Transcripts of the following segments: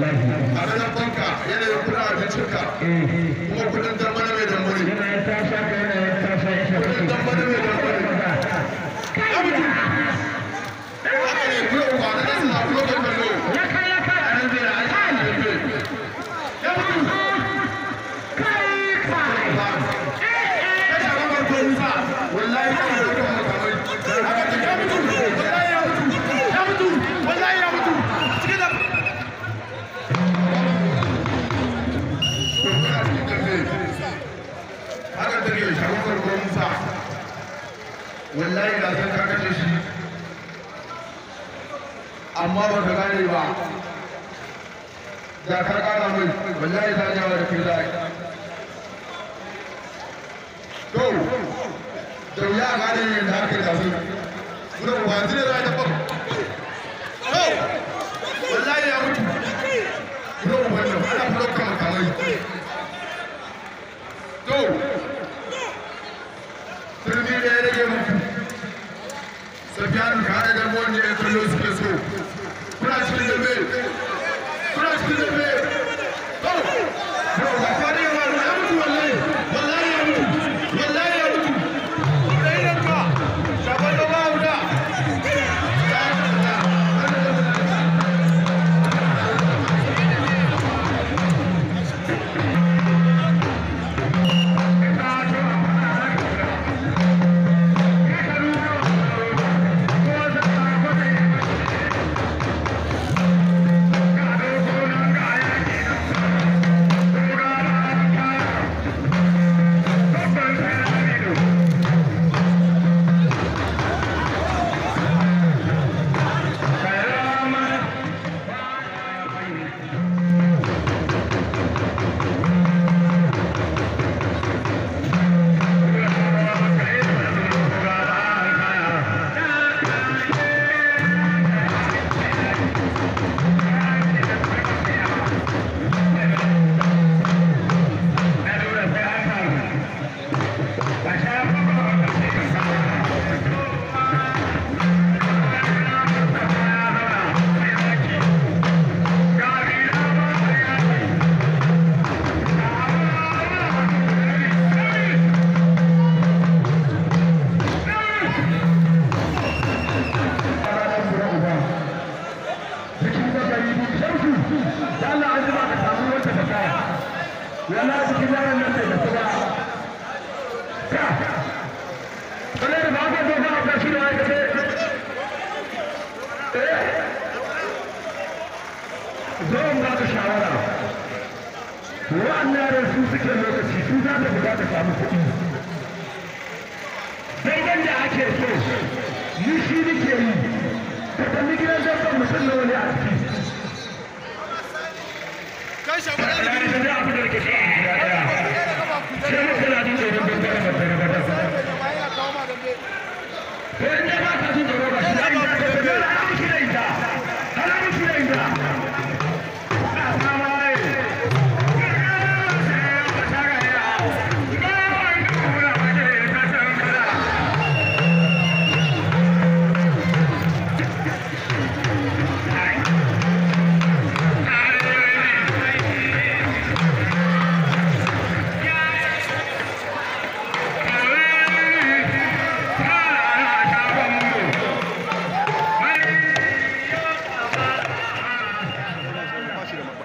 wallahi a ranar banka yanayin kudin abincinka eh. kuma kudin take da shagon ruwan sa wallahi da sai ka kace shi amma ba ka gane ba da ka kara mai wallahi ta jawa da kai za to da ya gane da aka yi zafi Gudun wanzu ne za a taɓa. samu kuɗi ake so ni shi ne yi ka gidan zarfan mutum na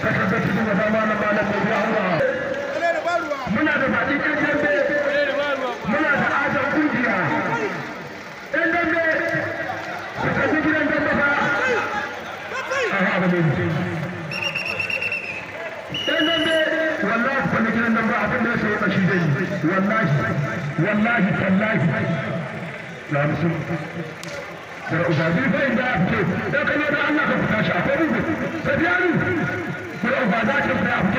sakatacin da zama na malam mai biya muna da baki ɗan dambe muna da adam kungiya ɗan dambe su tafi gidan dambe ba a haɗa mai mutum ɗan dambe wallahi ku kwanne gidan dambe abin da ya sayi ƙashi zai wallahi wallahi tallahi na musu da ubabi fa inda ya fito da kan yadda Allah ka fita shi akwai rubu ka biya rubu Seu Vazar de Ferro.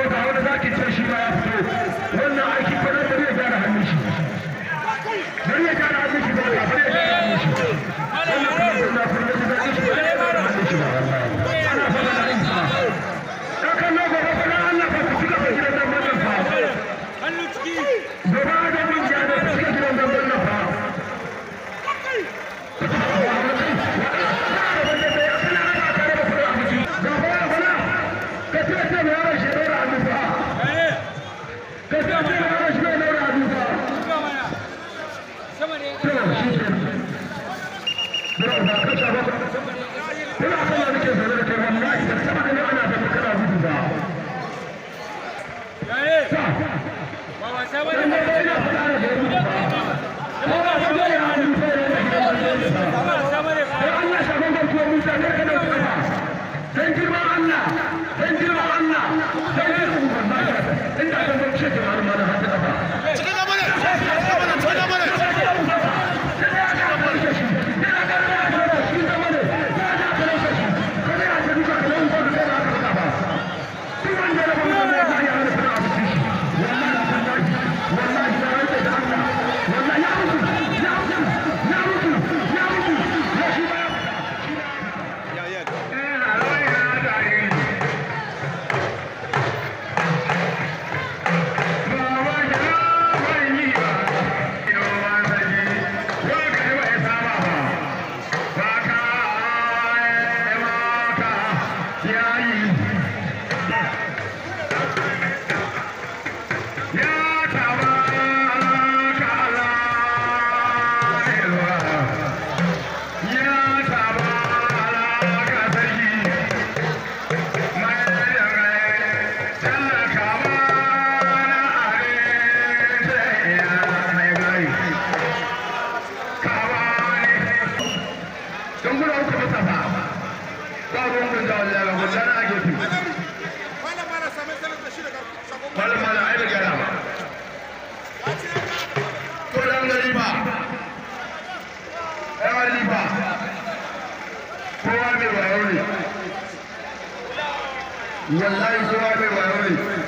wallahi kowa mai wayo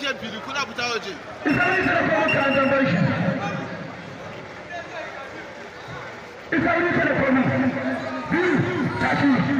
tsakiyar fili fita waje shi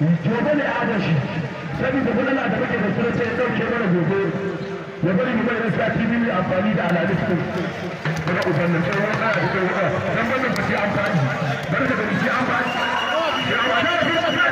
gobe ne adashi saboda gudana da muke da suna sai ya dauke mana gobe ya bari mu sa tv amfani da alhadis din daga ubannin sai wani da kai wuka dan wannan amfani barka da shi amfani